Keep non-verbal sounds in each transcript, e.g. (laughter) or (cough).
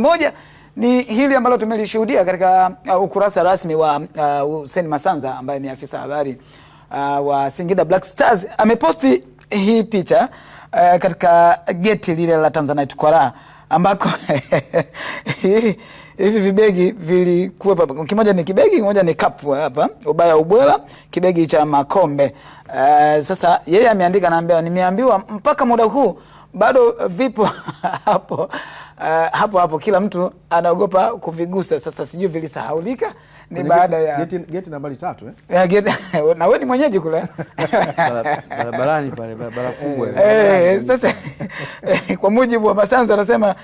Moja ni hili ambalo tumelishuhudia katika uh, ukurasa rasmi wa uh, Hussein Masanza ambaye ni afisa habari uh, wa Singida Black Stars ameposti hii picha uh, katika geti lile la Tanzanite kwa raha ambako (laughs) hivi vibegi vilikuwa hapa, kimoja ni kibegi, kimoja ni kapu hapa, ubaya ubwela, kibegi cha makombe uh, sasa yeye ameandika, naambia nimeambiwa mpaka muda huu bado vipo (laughs) hapo uh, hapo hapo kila mtu anaogopa kuvigusa. Sasa sijui vilisahaulika ni baada ya geti, geti nambari tatu eh? eh geti, (laughs) na wewe ni mwenyeji kule barabarani pale, barabara kubwa eh. eh sasa kwa mujibu wa masanza anasema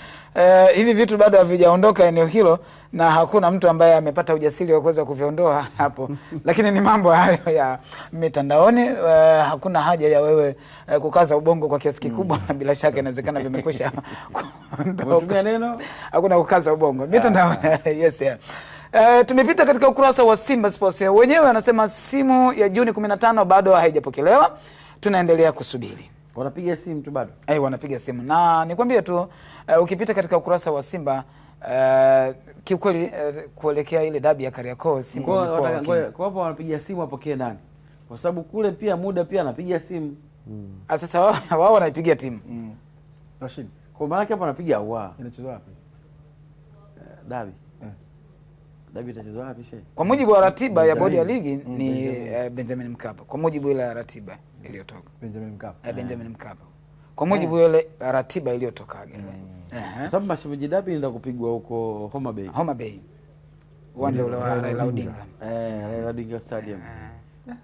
hivi vitu bado havijaondoka eneo hilo na hakuna mtu ambaye amepata ujasiri wa kuweza kuviondoa hapo (laughs) lakini ni mambo hayo ya mitandaoni. Uh, hakuna haja ya wewe uh, kukaza ubongo kwa kiasi kikubwa mm. (laughs) bila shaka inawezekana vimekwisha unatumia neno (laughs) hakuna kukaza ubongo mitandao ah. (laughs) yes, yeah. Uh, tumepita katika ukurasa wa Simba Sports wenyewe, anasema simu ya Juni 15 bado haijapokelewa, tunaendelea kusubiri. Wanapiga simu tu bado, eh, wanapiga simu na nikwambie tu uh, ukipita katika ukurasa wa Simba Uh, kiukweli uh, kuelekea ile dabi ya Kariakoo hapo wanapiga simu wapokee nani? Kwa sababu kule pia muda pia anapiga simu mm. Sasa wao (laughs) wanaipiga timu mm. Rashid kwa maana yake hapa anapiga wa. Inacheza wapi? dabi. Yeah. Dabi itachezwa wapi she? Kwa mujibu wa ratiba Benjamin ya bodi ya ligi mm, ni Benjamin. Uh, Benjamin Mkapa. Kwa mujibu ile ratiba iliyotoka. Benjamin Mkapa. Eh, Benjamin eh. Mkapa. Kwa mujibu yeah. ile ratiba iliyotokaga. Mm. Uh -huh. Sababu mashemeji dabi ndio kupigwa huko Homa Bay. Homa Bay. Uwanja ule wa Raila Odinga. Eh, Raila Odinga Stadium. Eh.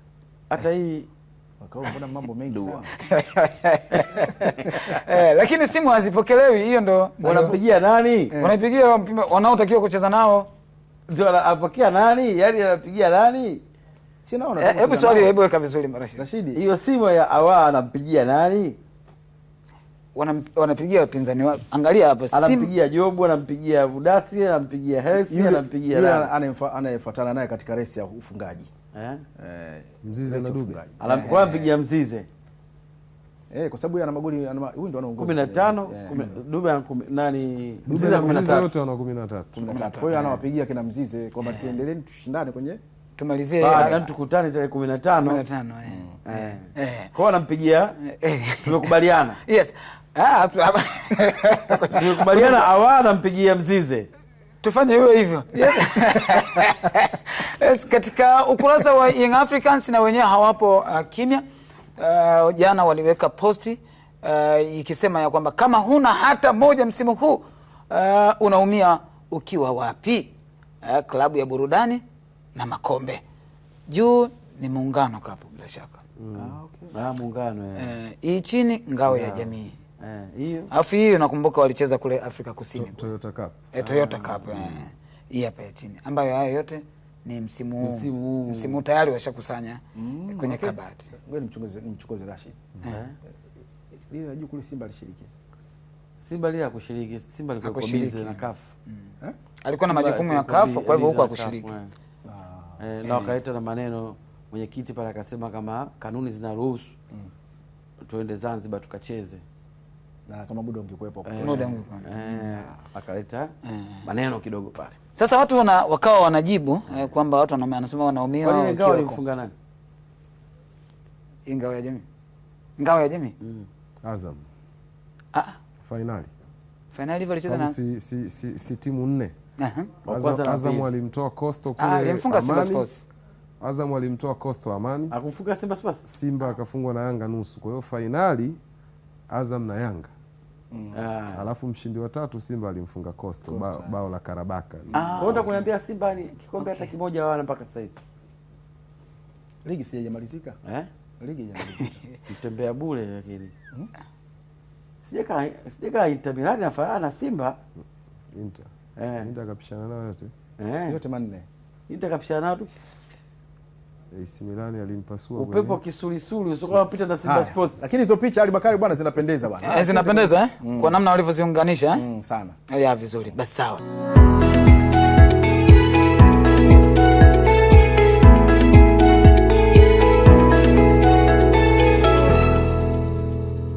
Hata hii Wakaona mbona mambo mengi sana. (laughs) Eh, lakini simu hazipokelewi, hiyo ndo wanapigia nani? Eh. Wanaipigia wanaotakiwa kucheza nao. Ndio anapokea nani? Yaani anapigia nani? Si naona. Eh, hebu swali hebu weka vizuri Rashid. Hiyo simu ya awa anampigia nani? wanapigia wapinzani wao. Angalia hapa, anampigia Jobu, anampigia Vudasi, anampigia Hesi, anampigia anayefuatana naye katika resi ya ufungaji eh, eh Mzize na Dube, eh, kwa eh, anampigia eh. Mzize eh, kwa sababu ana magoli huyu ndo anaongoza 15 Dube ana nani, Mzize ana 13 wote wana 13 13. Kwa hiyo anawapigia kina Mzize kwamba tuendeleeni, tushindane kwenye tumalizie baada tukutane tarehe 15 15 eh eh, kwa anampigia tumekubaliana yes Tumekubaliana ah, awa anampigia mzize tufanye hiyo hivyo yes. yes, katika ukurasa wa Young Africans na wenyewe hawapo uh, kimya. Uh, jana waliweka posti uh, ikisema ya kwamba kama huna hata moja msimu huu uh, unaumia ukiwa wapi? Uh, klabu ya burudani na makombe juu ni muungano kapo bila shaka mm. Ah, okay. Ah, muungano, yeah. Uh, chini ngao yeah. ya jamii Eh, hiyo alafu hiyo nakumbuka walicheza kule Afrika Kusini Toyota Cup, eh, Toyota Cup eh. hii hapa ya chini, ambayo hayo yote ni msimu huu msimu huu msimu tayari washakusanya eh, mm, kwenye kabati. Wewe ni Ngoja ni nimchunguze Rashid Eh. la najua kule Simba alishiriki Simba lile hakushiriki. Simba alikuwa kwa bize na CAF Eh? alikuwa na majukumu ya CAF, kwa hivyo huko hakushiriki na wakaita ah, na maneno mwenyekiti pale akasema kama kanuni zinaruhusu mm. tuende Zanzibar tukacheze na kama muda ungekuwepo muda ungekuwepo eh, eh, akaleta eh. maneno kidogo pale. Sasa watu wana, wakawa wanajibu eh, kwamba watu wanasema wanaumia wao kiweko. Walifunga nani? ingawa ya jamii. Ngao ya jamii. Mm. Azam. Ah, finali. Finali hivyo walicheza na si, si, si, si timu nne. Uh -huh. Azam Azam walimtoa Coastal ah, kule. Ah, alimfunga Simba Sports. Azam walimtoa Coastal Amani. Akumfunga Simba Sports. Simba akafungwa na Yanga nusu. Kwa hiyo finali Azam na Yanga mm. Ah. Alafu mshindi wa tatu Simba alimfunga Costa bao, bao la Karabaka ah, Kuniambia Simba ni kikombe hata okay. kimoja wana mpaka sasa hivi, ligi sijamalizika eh? ligi sijamalizika (laughs) mtembea bure lakini hmm? Sijaka Inter Milan nafanana na Simba Inter eh. Inter kapishana nao yote eh. yote manne Inter kapishana nao tu AC eh, Milan alinipasua upepo wa kisulisuli usikao pita na Simba Sports. Lakini hizo picha Ali Bakari bwana zinapendeza bwana. Eh, zinapendeza eh? Mm. Kwa namna walivyoziunganisha. eh? Mm, sana. Oh, ya vizuri. Basi sawa.